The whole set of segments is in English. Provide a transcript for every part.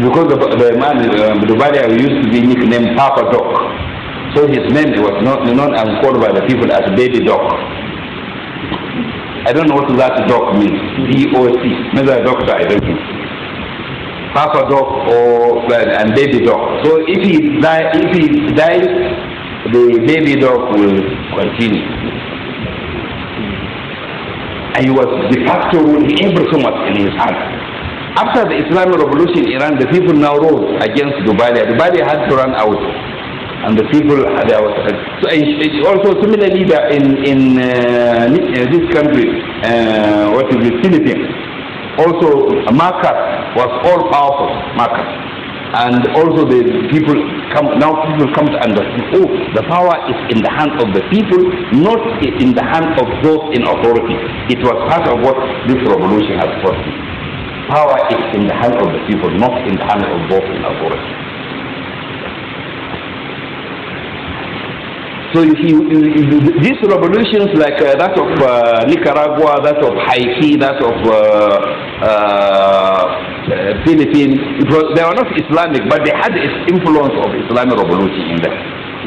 because the, the man uh, um, Dubalia used to be nicknamed Papa Doc. So his name was not, known and called by the people as Baby Doc. I don't know what that doc means. D-O-C. Maybe a doctor, I don't know. Papa Doc or and Baby Doc. So if he die, if he dies, the baby dog will continue. And he was de facto ruling everything was in his hand. After the Islamic revolution in Iran, the people now rose against The Dubalia had to run out. And the people, there was, so it's also similarly that in, in uh, uh, this country, uh, what is it, Philippines, also Marcus was all powerful, Marcus. And also the people come, now people come to understand, oh, the power is in the hands of the people, not in the hands of those in authority. It was part of what this revolution has brought. Power is in the hand of the people, not in the hand of those in authority. So if you, these revolutions like uh, that of uh, Nicaragua, that of Haiti, that of uh, uh Philippines, they were not Islamic, but they had its influence of Islamic revolution in them.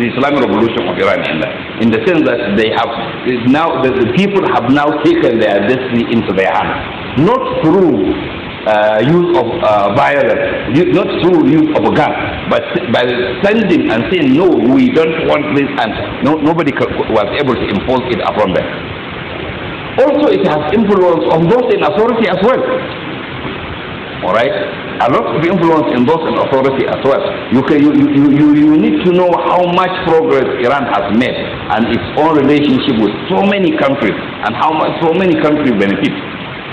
The Islamic revolution of Iran in them. In the sense that they have now, the, the people have now taken their destiny into their hands. Not through uh, use of uh, violence, not through use of a gun, but by standing and saying, no, we don't want this, and no, nobody was able to impose it upon them. Also, it has influence on those in authority as well. All right, a lot of influence in those in authority as well. You, can, you, you, you, you need to know how much progress Iran has made and its own relationship with so many countries and how much so many countries benefit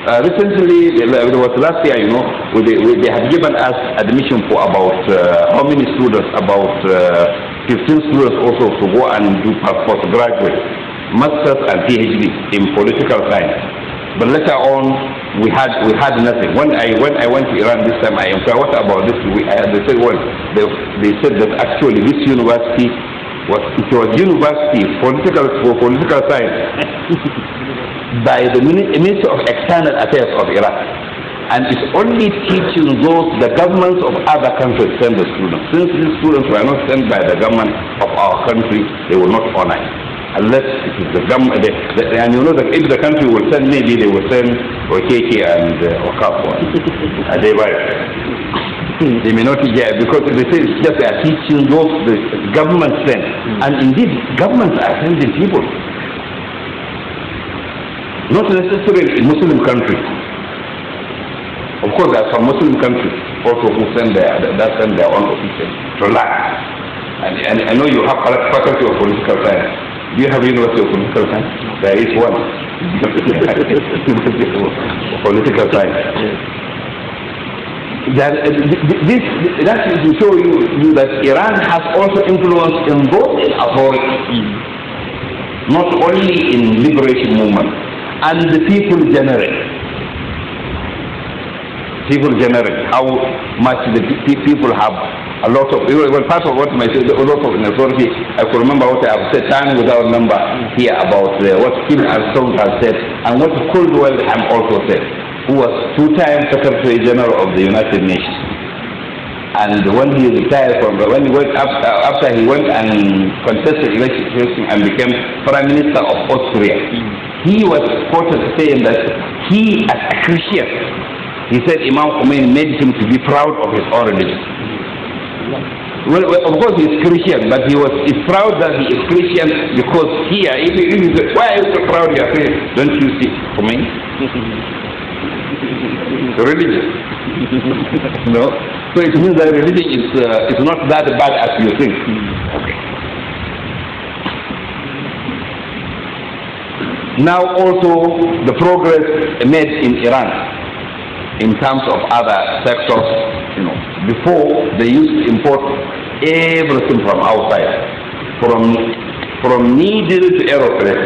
uh, recently, it was last year, you know, they, they have given us admission for about uh, how many students? About uh, 15 students also to go and do postgraduate, masters and PhD in political science. But later on, we had we had nothing. When I when I went to Iran this time, I inquired what about this? We, I, uh, they said, well, they, they said that actually this university was it was university political for political science. by the Ministry of External Affairs of Iraq. And it's only teaching those, the governments of other countries send the students. Since these students were not sent by the government of our country, they will not honor it. Unless it is the government, the, the, and you know that if the country will send, maybe they will send OKK and uh, Okapo and they will. they may not yeah, because they say it's just they are teaching those the government send. And indeed, governments are sending people. Not necessarily in Muslim countries. Of course, there are some Muslim countries also who send their, that send their own officials to lie. And, and I know you have faculty of political science. Do you have University of Political Science? There is one. political science. That, uh, this, that is to show you, you that Iran has also influence in both authority, not only in liberation movement and the people generate. People generate. how much the people have a lot of, well, part of what I said a lot of authority, I can remember what I have said, time without number here about uh, what Kim Armstrong has said and what Coldwell Ham also said, who was two-time Secretary General of the United Nations and when he retired from when he went uh, after he went and contested election and became prime minister of Austria. Mm he was quoted saying that he as a Christian, he said Imam Khomeini made him to be proud of his origin. religion. Well, well, of course he's Christian, but he was he's proud that he is Christian because here, if he, he said, why are you so proud you are faith? Don't you see Khomeini? religion. no? So it means that religion is, uh, is not that bad as you think. Hmm. Okay. Now also the progress made in Iran in terms of other sectors, you know, before they used to import everything from outside, from, from needle to aeroplane.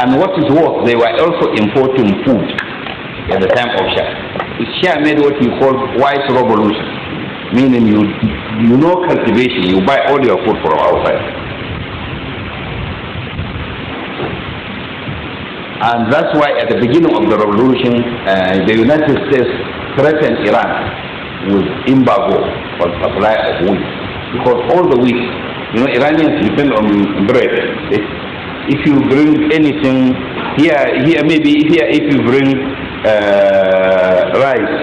And what is worse, they were also importing food at the time of Shah. Shah made what he called white revolution, meaning you, you know cultivation, you buy all your food from outside. And that's why at the beginning of the revolution, uh, the United States threatened Iran with embargo for supply of wheat. Because all the wheat, you know, Iranians depend on bread. If you bring anything here, here maybe here if you bring uh, rice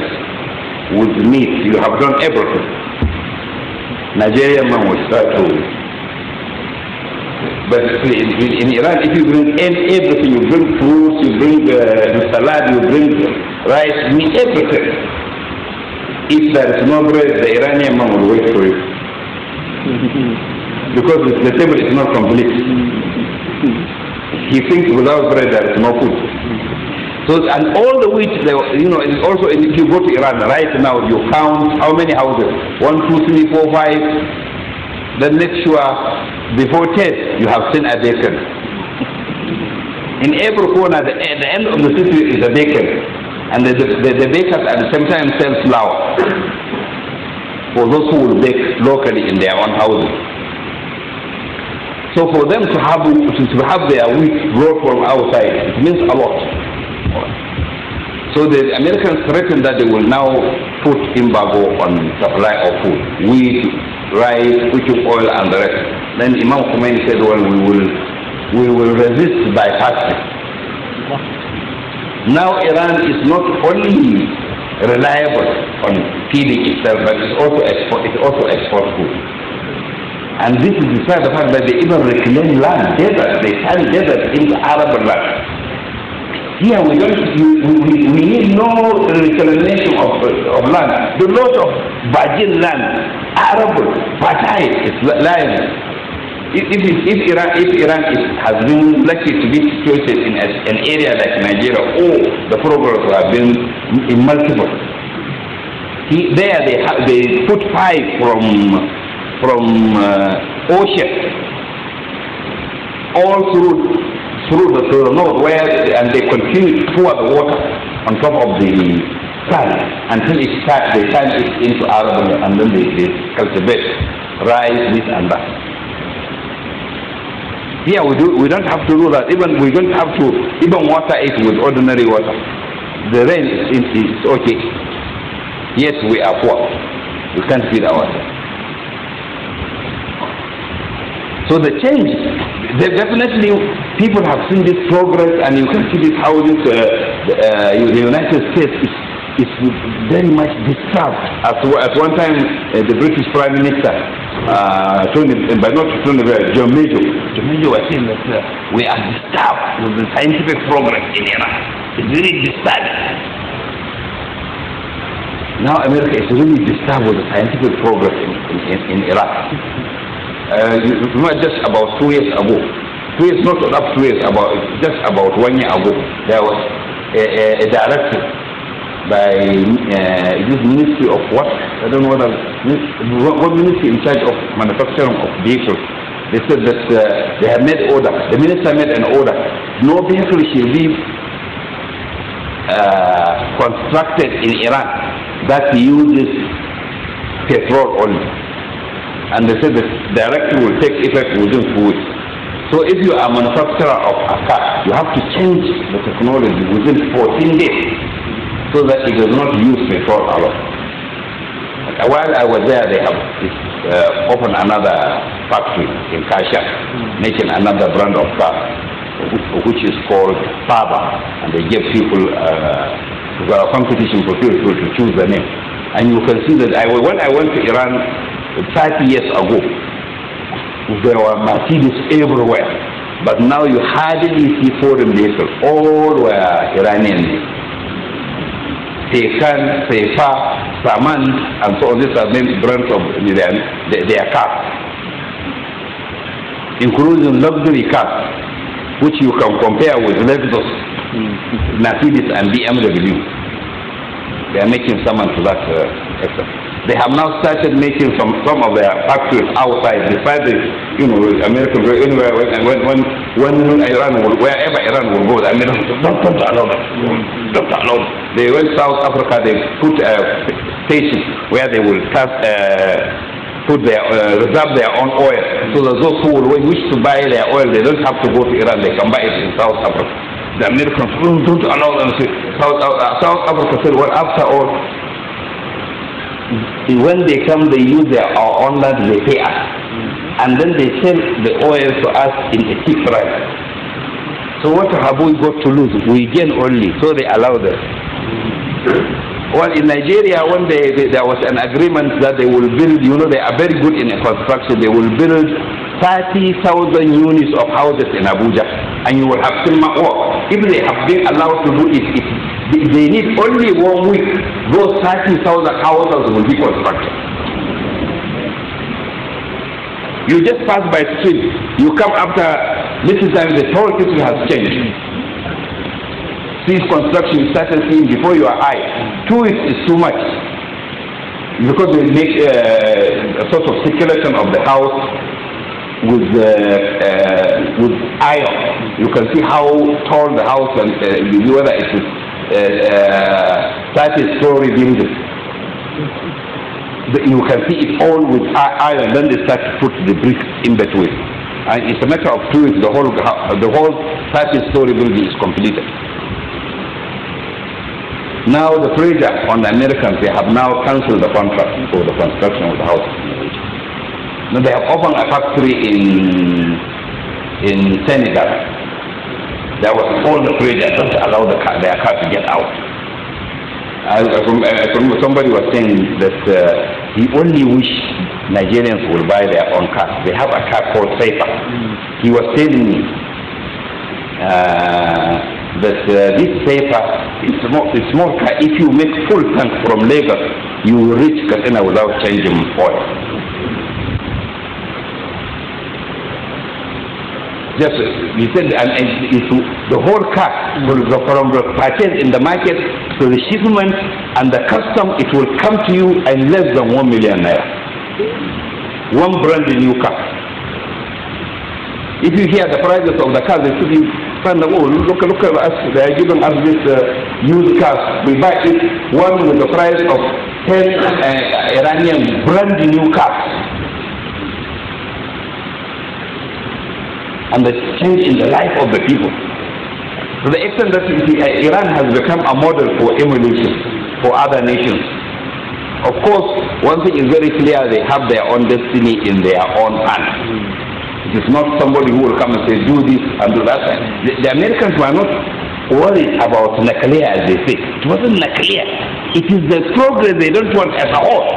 with meat, you have done everything. Nigerian man will start to but in Iran, if you bring everything, you bring fruits, you bring uh, salad, you bring rice, you everything. If there is no bread, the Iranian man will wait for you. because the table is not complete. He thinks without bread there is no food. So, and all the wheat, you know, is also, if you go to Iran right now, you count how many houses? One, two, three, four, five. Then next you are before Tet, you have seen a bacon. In every corner, the, at eh, the end of the city is a bacon. And the, the, the bakers at the same time sell flour for those who will bake locally in their own houses. So for them to have, to have their wheat brought from outside, it means a lot. So the Americans threatened that they will now put embargo on supply of food, wheat, rice, cooking oil, and the rest. Then Imam Khomeini said, well, we will, we will resist by fasting. Now Iran is not only reliable on feeding itself, but it's also export, it also exports food. And this is despite the fact that they even reclaim land, desert, they turn desert into arable land. Here we don't, we, we, need no reclamation of, uh, of land. The lot of virgin land, arable, fertile, is lying. If, if, if, Iran, if Iran is, has been lucky to be situated in a, an area like Nigeria, oh, the progress have been multiple. He, there they, they put pipe from, from uh, ocean all through through the, through the north where and they continue to pour the water on top of the sand until it starts, they turn it into arable and then they, they cultivate rice, wheat, and that. Here we do we don't have to do that. Even we don't have to even water it with ordinary water. The rain is, is okay. Yes, we are poor. We can't feed ourselves. So the change, they definitely people have seen this progress and you can see this how this, uh, uh, the United States is, is very much disturbed. At, at one time, uh, the British Prime Minister, uh, Tony, uh, but not Tony, uh, John Major, John Major was saying that uh, we are disturbed with the scientific progress in Iraq. It's really disturbed. Now America is really disturbed with the scientific progress in, in, in Iraq uh, just about two years ago, two years, not up two years, about just about one year ago, there was a, a, a directive by uh, this Ministry of what? I don't know what, what ministry in charge of manufacturing of vehicles. They said that uh, they have made order. The minister made an order. No vehicle should be uh, constructed in Iran that uses petrol only and they said the directive will take effect within four weeks. So if you are a manufacturer of a car, you have to change the technology within 14 days so that it does not use petrol a lot. While I was there, they have uh, opened another factory in Kasha, making another brand of car, which is called Faba, and they give people uh, competition for people to choose the name. And you can see that I, when I went to Iran 30 years ago, there were Mercedes everywhere. But now you hardly see foreign vehicles. All were Iranian. Tehran, Seifa, Saman, and so on. These are names, brands of Iran, their, cars. Including luxury cars, which you can compare with Lexus, mm. Mercedes, and BMW. They are making someone to that uh, extent. They have now started making some, some of their factories outside, despite the you know American anywhere when when when, when Iran will, wherever Iran will go, I mean, don't, don't allow them, don't allow them. They went South Africa. They put a station where they will cast. Uh, put their uh, reserve their own oil so that those who will wish to buy their oil they don't have to go to Iran they can buy it in South Africa the Americans oh, don't allow them to South, uh, South Africa said well after all when they come, they use their, our own land, they pay us. Mm-hmm. And then they sell the oil to us in a cheap price. So what have we got to lose? We gain only. So they allow them. Mm-hmm. Well, in Nigeria, one day there was an agreement that they will build, you know, they are very good in construction. They will build 30,000 units of houses in Abuja. And you will have Silma work. If they have been allowed to do it, it if they need only one week, those 30,000 houses will be constructed. You just pass by street, you come after little time, the whole history has changed. Since construction started seeing before your eye, two weeks is too much. Because we make uh, a sort of circulation of the house with, uh, uh, with iron. You can see how tall the house and uh, whether it is uh, uh, that is story building. You can see it all with iron. Then they start to put the bricks in between. And it's a matter of two weeks, the whole, the whole 30-story building is completed. Now the pressure on the Americans, they have now cancelled the contract for the construction of the house. Now they have opened a factory in in Senegal. There was all the prayer there not to allow the car, their car to get out. Uh, from, uh, somebody was saying that uh, he only wished Nigerians would buy their own car. They have a car called Safer. He was telling me uh, that uh, this paper is more, it's car. if you make full tank from Lagos, you will reach Katsina without changing oil. just we uh, said and, the whole cart will go from the purchase in the market to the shipment and the custom it will come to you in less than one million naira one brand new car if you hear the prices of the cars they should be find them oh look look at us they are giving us this uh, used cars we buy it one with the price of 10 uh, Iranian brand new cars and the change in the life of the people. To the extent that uh, Iran has become a model for emulation for other nations. Of course, one thing is very clear, they have their own destiny in their own hands. It is not somebody who will come and say, do this and do that. The, the Americans were not worried about nuclear, as they say. It wasn't nuclear. It is the progress they don't want at all.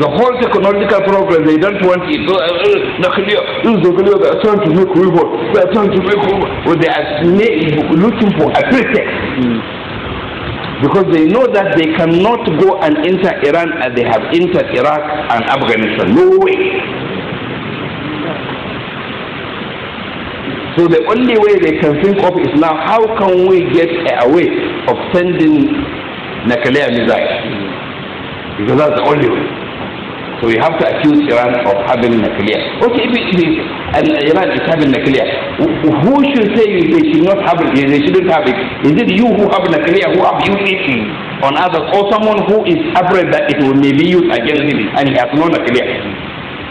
The whole technological progress, they don't want it. So, uh, uh, they are trying to make revolt. They are trying to make revolt. Well, they are looking for a pretext. Hmm. because they know that they cannot go and enter Iran as they have entered Iraq and Afghanistan. No way. So the only way they can think of is now how can we get away of sending nuclear missiles? Hmm. Because that's the only way. So we have to accuse Iran of having nuclear. Okay, if, it, if and Iran is having nuclear, who should say they should not have it, they shouldn't have it? Is it you who have nuclear, who have you eating on others, or someone who is afraid that it will may be used against him and he has no nuclear?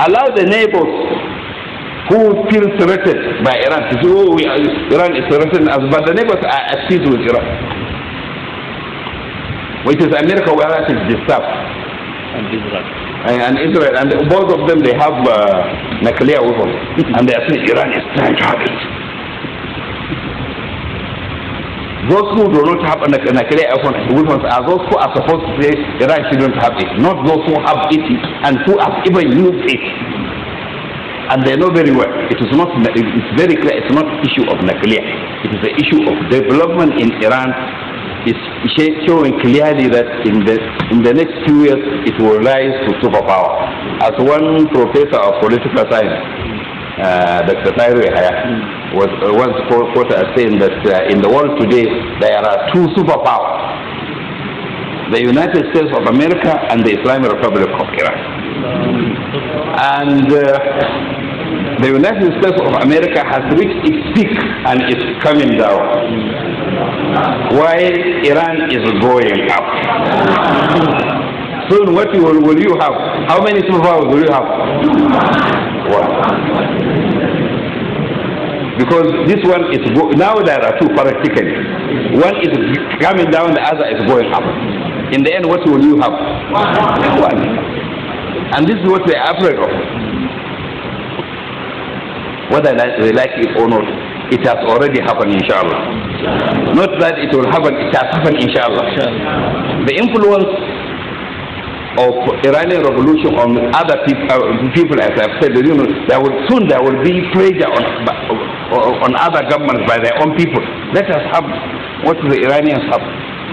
Allow the neighbors who feel threatened by Iran to say, oh, we, Iran is threatened us, but the neighbors are at peace with Iran. Which is America where that is is disturbed. And Israel and Israel, and both of them they have uh, nuclear weapons, mm-hmm. and they are saying Iran is trying to have it. Those who do not have a nuclear weapons are those who are supposed to say Iran shouldn't have it, not those who have it and who have even used it. And they know very well it is not. It's very clear. It's not issue of nuclear. It is the issue of development in Iran is showing clearly that in the, in the next few years it will rise to superpower. As one professor of political science, uh, Dr. Tairu Yahya, was uh, once quoted as saying that uh, in the world today there are two superpowers the United States of America and the Islamic Republic of Iran. And uh, the United States of America has reached its peak and is coming down while Iran is going up. Soon, what will, will you have? How many superpowers will you have? One. Because this one is now there are two practically. One is coming down, the other is going up. In the end, what will you have? One. And this is what we are afraid of whether they like it or not, it has already happened, inshallah. Not that it will happen, it has happened inshallah. The influence of Iranian revolution on other people, uh, people as I've said, you know, there will, soon there will be pressure on, uh, on other governments by their own people. Let us have what the Iranians have.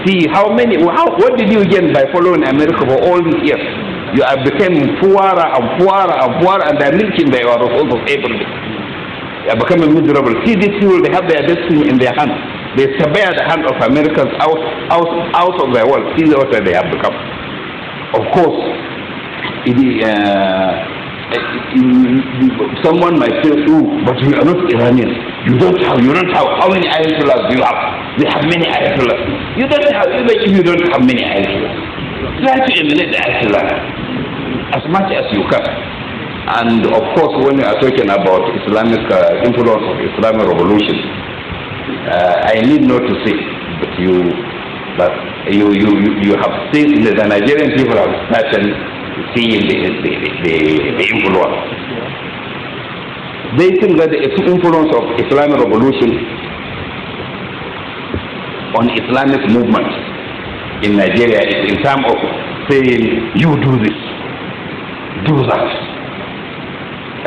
See how many, how, what did you gain by following America for all these years? You are becoming poorer and poorer and poorer and they're milking their results of everything. They are becoming miserable. See these people, they have their destiny in their hands. They sever the hand of Americans out, out, out of their world. See what they have become. Of course, it, uh, someone might say, "Oh, but you are not Iranian. You don't have. You don't have. How many Ayatollahs do you have? We have many Ayatollahs. You don't have. Even if you don't have many Ayatollahs, try to emulate the Ayatollah as much as you can. And of course, when you are talking about Islamic uh, influence of Islamic revolution, uh, I need not to say, but you, but you, you, you have seen the Nigerian people have started seeing the, the, the, the influence. They think that the influence of Islamic revolution on Islamic movement in Nigeria is in terms of saying, you do this, do that.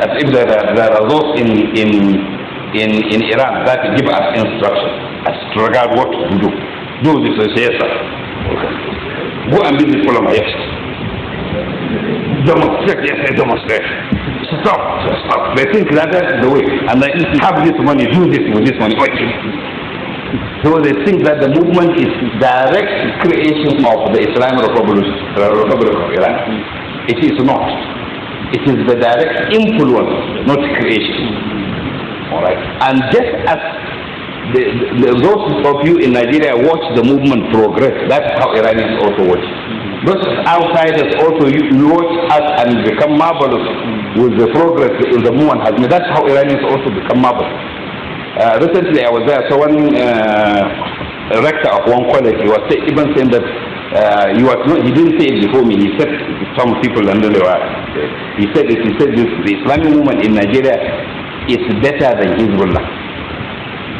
As if there are, there are those in, in in, in Iran that give us instruction a struggle what to do. Do this, I say, yes, sir. Go and be the follower, yes. Demonstrate, yes, I demonstrate. Stop, stop. They think that that's the way. And I have this money, do this with this money. Okay. So they think that the movement is direct creation of the Islamic Republic, Republic of Iran. It is not. It is the direct influence, not creation. All right. And just as the, the, those of you in Nigeria watch the movement progress, that's how Iranians also watch. Those outsiders also you, you watch us and become marvelous with the progress in the movement has made. That's how Iranians also become marvelous. Uh, recently I was there, so one uh, rector of one college, he was say, even saying that uh, he was not, he didn't say it before me. He said some people and they were. He said this. He said this. The Islamic movement in Nigeria is better than Hezbollah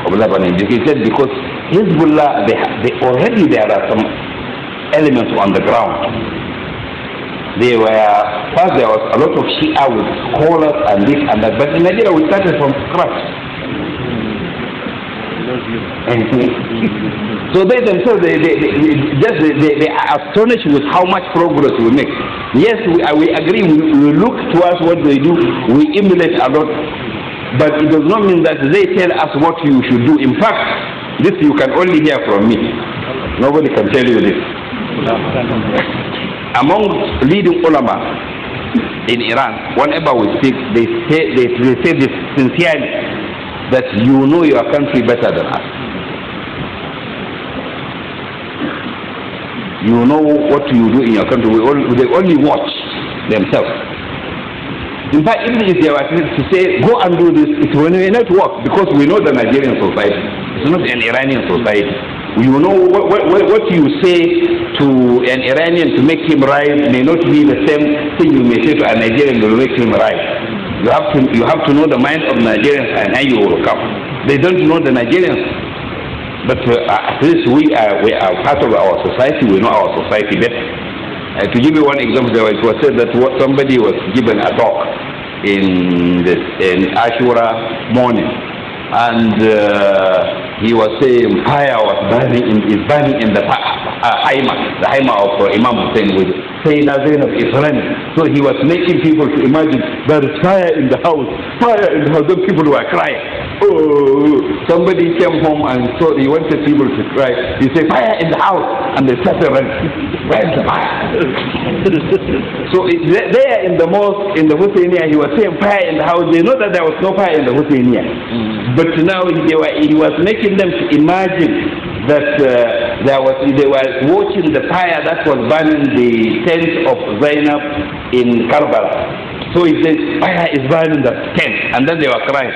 of Lebanon. He said because Hezbollah, they, they already there are some elements on the ground. They were, first there was a lot of Shia with scholars and this and that, but in Nigeria we started from scratch. so they themselves, they, they, they, just, they, they, are astonished with how much progress we make. Yes, we, we agree, we, we look towards what they do, we emulate a lot, but it does not mean that they tell us what you should do. In fact, this you can only hear from me. Nobody can tell you this. Among leading ulama in Iran, whenever we speak, they say, they, they say this sincerely that you know your country better than us. you know what you do in your country. All, they only watch themselves. In fact, even if they were to say, go and do this, it will not work because we know the Nigerian society. It's not an Iranian society. We know what, what, what you say to an Iranian to make him rise may not be the same thing you may say to a Nigerian to make him rise. You have to, you have to know the mind of Nigerians and how you will come. They don't know the Nigerians. But uh, at least we are, we are part of our society. We know our society better. Uh, to give you one example, it was said that somebody was given a talk in, this, in Ashura morning, and uh, he was saying fire was burning in, is burning in the uh, the Haima of uh, Imam Hussein with Sayyidina Zainab is running. So he was making people to imagine there is fire in the house, fire in the house. Those people were crying. Oh, somebody came home and saw he wanted people to cry. He said, fire in the house. And they started running. Where's the fire? so it, there in the mosque, in the Husseinia, he was saying fire in the house. They know that there was no fire in the Husseinia. Mm. But now he, were, he was making them to imagine that uh, there was, they were watching the fire that was burning the tent of Zainab in Karbala. So he said, fire is burning the tent. And then they were crying.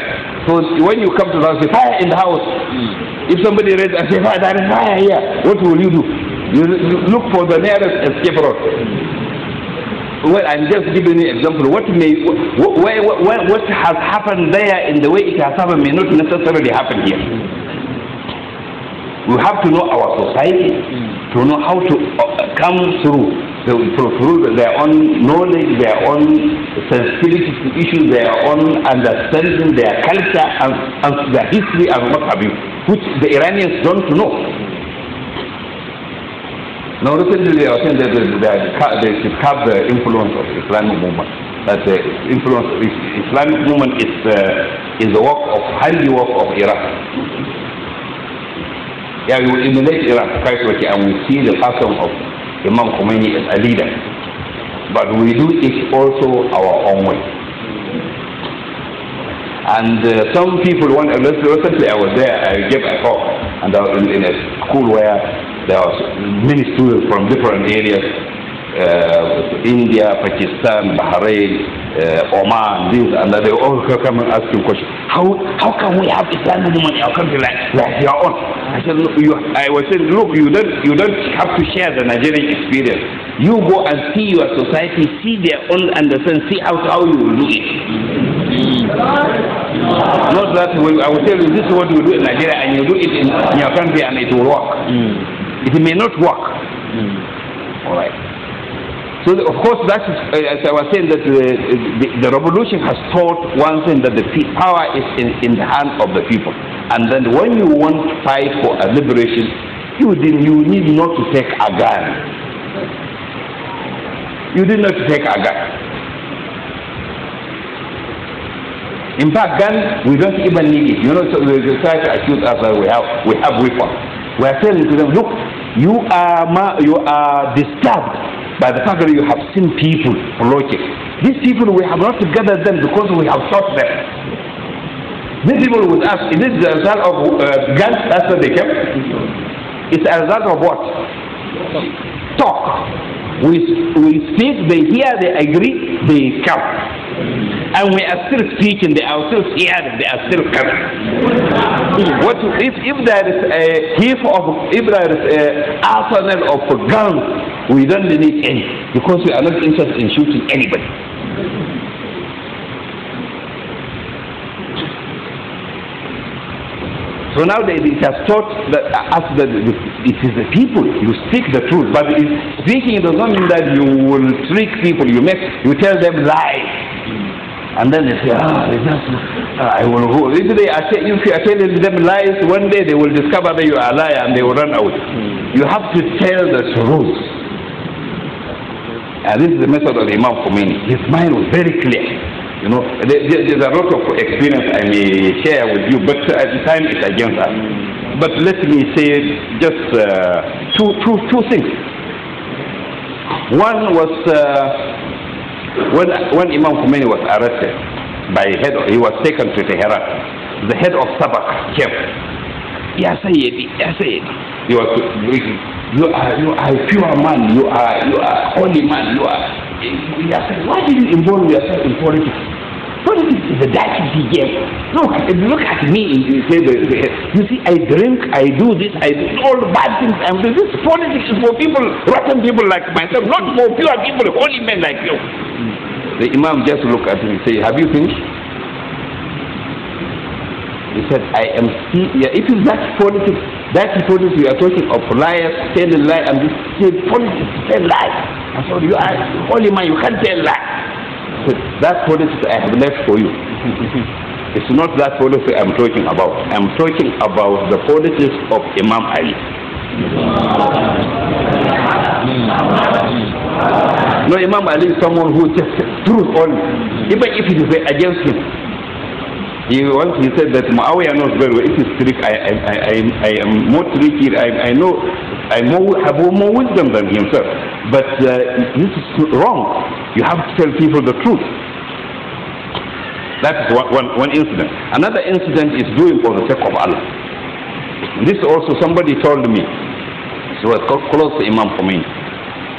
So when you come to the house, fire in the house. Hmm. If somebody raises and says, fire, there is fire here, what will you do? You look for the nearest escape route well, I'm just giving you an example. What may, what, what, what, what, has happened there in the way it has happened may not necessarily happen here. We have to know our society, hmm. to know how to uh, come through through their own knowledge, their own sensitivity to issues, their own understanding, their culture, and, and their history, and what have you, which the Iranians don't know. Now, recently they are saying that they, should curb the influence of Islamic movement. That the influence of Islamic movement is, uh, is the work of handiwork of Iraq. Yeah, we will emulate Imam Christ and we see the pattern of Imam Khomeini as a leader. But we do it also our own way. And uh, some people, want. Uh, recently I was there, I gave a talk and I was in, in a school where there were many students from different areas, uh, India, Pakistan, Bahrain, uh, Oman, these, and they all come and ask you questions. How, how can we have Islam the money? How country like, like your own? I said, look, you, I was saying, look, you don't, you don't have to share the Nigerian experience. You go and see your society, see their own understand, see how, how you will do it. Not that we, I will tell you, this is what you do in Nigeria, and you do it in, in your country, and it will work. Mm. It may not work. Mm. All right. So of course, that is, uh, as I was saying, that the, uh, the, the, revolution has taught one thing that the power is in, in the hand of the people. And then when you want to fight for a liberation, you, did, you need not to take a gun. You do not take a gun. In fact, gun, we don't even need it. You know, so just try to shoot us that we have, we have weapons. We are telling to them, look, you are, you are disturbed by the fact that you have seen people flocking. These people, we have not gathered them because we have taught them. These people with us, is it the result of uh, guns? That's where they came? It's a result of what? Talk. We, we speak, they hear, they agree, they come. And we are still speaking, they are still hearing, they are still coming. What if, if there is a heap of, if there is a arsenal of guns we don't need any because we are not interested in shooting anybody. So nowadays it has taught that, us that it is the people, you speak the truth, but it, speaking does not mean that you will trick people, you make, you tell them lies. And then they say, ah, oh, I will go. If, they are, if you are telling them lies, one day they will discover that you are a liar and they will run away. You have to tell the truth. And uh, this is the method of Imam Khomeini. His mind was very clear. You know, there, there's a lot of experience I may share with you, but at the time it's against us. But let me say just uh, two, two, two things. One was uh, when, when Imam Khomeini was arrested by head, of, he was taken to Tehran. The head of Sabak came yeah, say it. Yeah, say it. You are, you are, you are a pure man. You are, you are holy man. You are. You are saying, why did you involve yourself in politics? Politics is a dirty game. Look, look at me. You, you see, I drink, I do this, I do all the bad things. And this politics is for people, rotten people like myself, not for pure people, holy men like you. The Imam just looked at me and said, have you finished? He said, I am still here. It is that politics, that politics you are talking of liars, telling lies, and this still politics, tell lies. I said, you are holy man, you can't tell lies. He said, that politics I have left for you. it's not that policy I'm talking about. I'm talking about the politics of Imam Ali. No, Imam Ali is someone who just truth only, even if it is against him. He once he said that Muawiyah knows very well. It is trick. I, I, I, I am more tricky. I, I know I more, have more wisdom than himself. But uh, this is wrong. You have to tell people the truth. That is one, one, one incident. Another incident is doing for the sake of Allah. This also somebody told me. He was close to Imam Khomeini.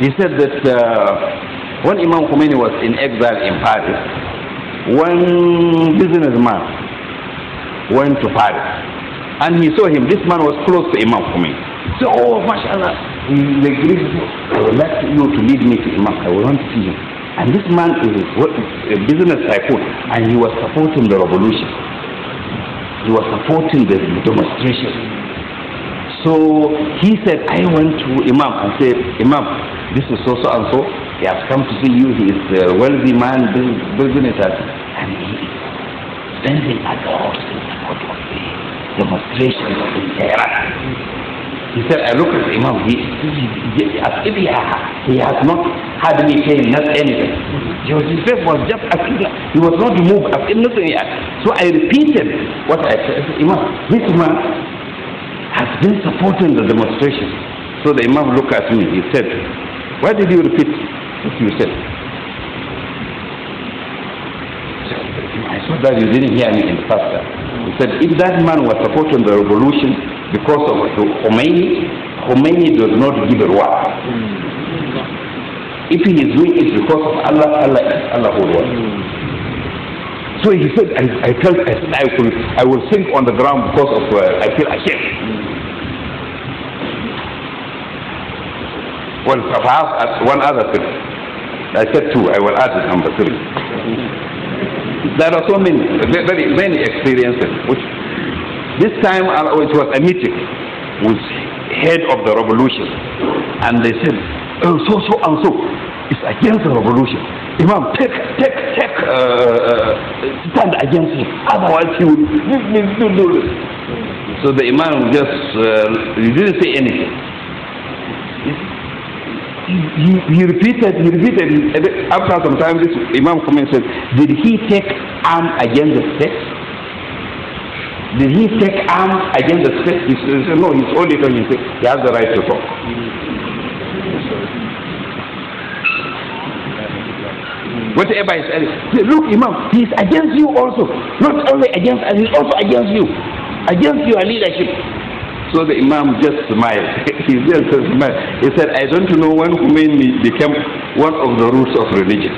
He said that uh, when Imam Khomeini was in exile in Paris, one businessman went to Paris and he saw him. This man was close to Imam for me. So, oh, mashallah, he Greek, I would like you to lead me to Imam. I want to see him. And this man is a business tycoon and he was supporting the revolution. He was supporting the demonstration. So he said, I went to Imam and said, Imam, this is so so and so. He has come to see you. He is a wealthy man, business, and he is standing a the in support of the demonstration of his He said, I look at Imam, he, he, as if he, he has not had any pain, not anything. His face was just as if he was not moved, as if nothing. So I repeated what I said. Imam, this man has been supporting the demonstration. So the Imam looked at me, he said, why did you repeat future. It's not that you didn't hear me in He said, if that man was supporting the revolution because of Khomeini, Khomeini does not give a what. If he is doing it because of Allah, Allah is Allah who So he said, I, I felt, I I will, I will sink on the ground because of, uh, I feel ashamed. Well, perhaps one other thing. I said two. I will add number three. There are so many, very many experiences. Which this time uh, it was a meeting with head of the revolution, and they said, oh, so so and so is against the revolution. Imam, take take take uh, uh, stand against him. Otherwise, he will do this. So the imam just uh, he didn't say anything he, repeated, he repeated, after some time, this Imam come and said, Did he take arm against the state? Did he take arm against the state? He said, No, he's only talking, he has the right to talk. Whatever is, look, Imam, he's against you also. Not only against us, he's also against you. Against your leadership. So the Imam just smiled. he just smiled. He said, I don't know when Khomeini became one of the roots of religion.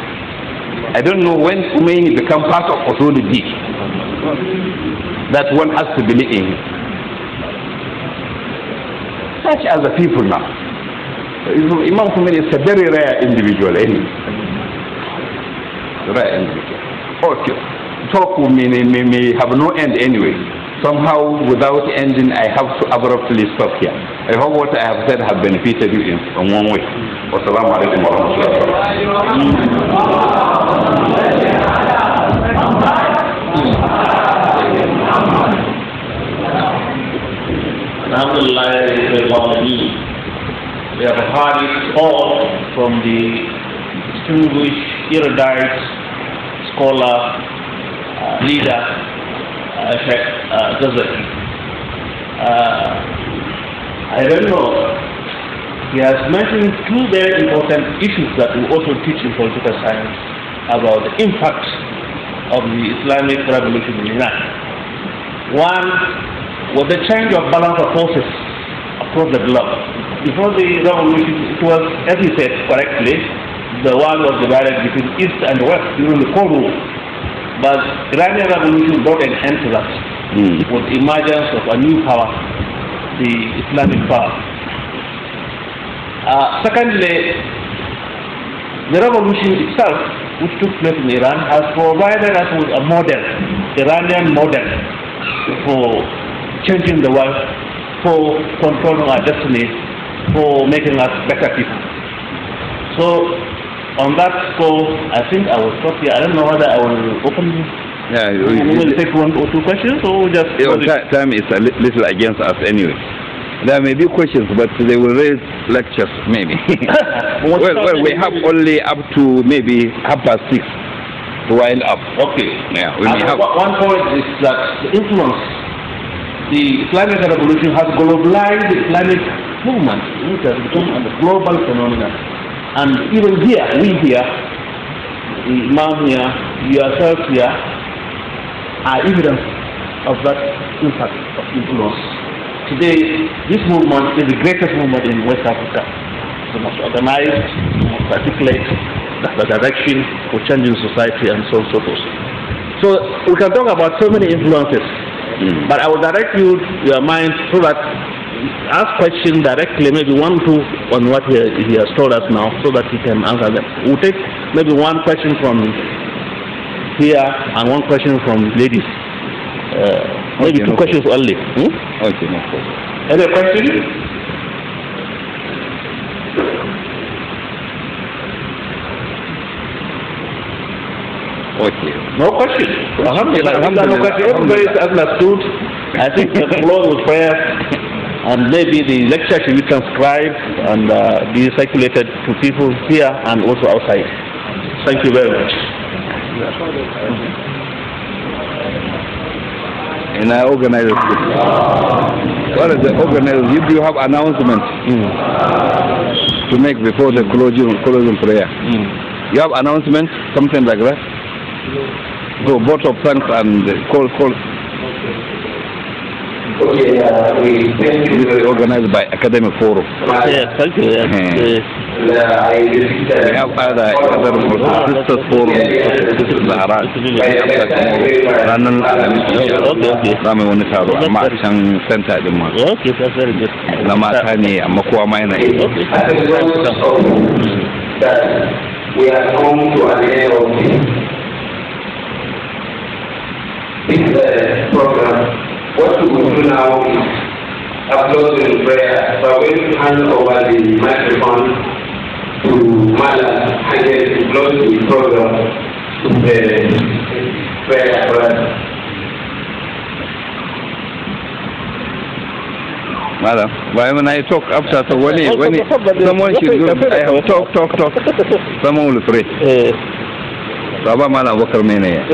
I don't know when Khomeini became part of authority that one has to believe in. Such are the people now. Imam Khomeini is a very rare individual, anyway. Rare individual. Okay. Talk may, may, may have no end anyway somehow without ending I have to abruptly stop here. I hope what I have said have benefited you in some one way. Wassalamu alaikum wa rahmatullahi We have heard it all from the distinguished, erudite, scholar, uh, leader, uh, uh, Ghazali. Uh, I don't know. He has mentioned two very important issues that we also teach in political science about the impact of the Islamic revolution in Iran. One was the change of balance of forces across the globe. Before the revolution, it was, as he said correctly, the world was divided between East and West during the Cold War. But Iranian revolution brought an end to that mm. with the emergence of a new power, the Islamic power. Uh, secondly, the revolution itself, which took place in Iran, has provided us with a model, Iranian model, for changing the world, for controlling our destiny, for making us better people. So, on that score, I think I will stop here. I don't know whether I will open yeah, we, will take one or two questions or just... You know, time is a little against us anyway. There may be questions, but they will raise lectures, maybe. well, well, we have only up to maybe half past six to wind up. Okay. Yeah, we may have... One point is that the influence, the Islamic revolution has globalized the Islamic movement, which has become a global phenomenon. And even here, we here, Imam here, yourself here, are evidence of that impact of influence. Today, this movement is the greatest movement in West Africa. So the most organized, the most articulate, the direction for changing society and so on so forth. So we can talk about so many influences, mm. but I will direct you your mind so that ask questions directly, maybe one or two on what he, he has told us now, so that he can answer them. We'll take maybe one question from here and one question from ladies. Uh, maybe two no questions problem. only. Hmm? Okay, no problem. Any question? Okay. No question. Alhamdulillah. Alhamdulillah. Everybody is understood. I think the floor was prayer. And maybe the lecture should be transcribed and uh, be circulated to people here and also outside. Thank you very much. Mm-hmm. ina organizer su what is the organizer you do have announcement mm. to make before the closing, closing prayer mm. you have announcement something like that so both of thanks and call call Okay, uh, we thank you. This is organized by Academic Forum. Yes, thank you. Yes. هذا هذا الخصوص الصور خصوص الأعراس لأن الإسلام ونفاض ما عشان سنتا دمار لما ثاني أما كوا ما ينعي This uh, program, what we will do now is upload the prayer, but we'll hand over the microphone to Mala and then to launch the program the prayer brother. Madam, why when I talk after so when, it, when it, someone should go, I have talk, talk, talk, someone will pray. Baba Mala Wakar Mene.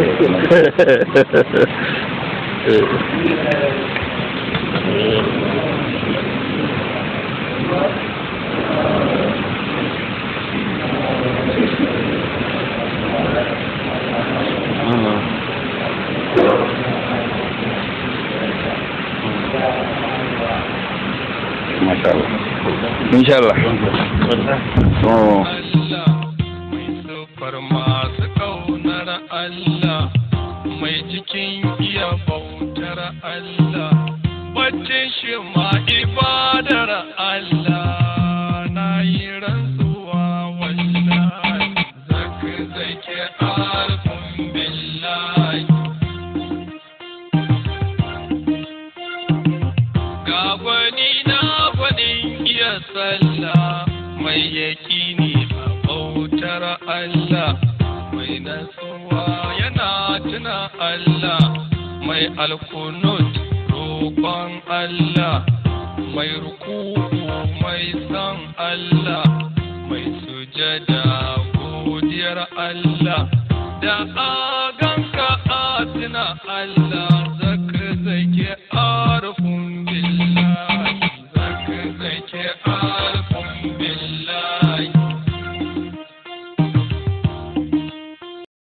Thank you. masha Allah insha Allah oh. Allah mai cikin iya bautar Allah baccin shi ma ibada mai alkunut roƙon Allah mai rukuku mai san Allah mai sujada godiyar Allah da aganka a tuna Allah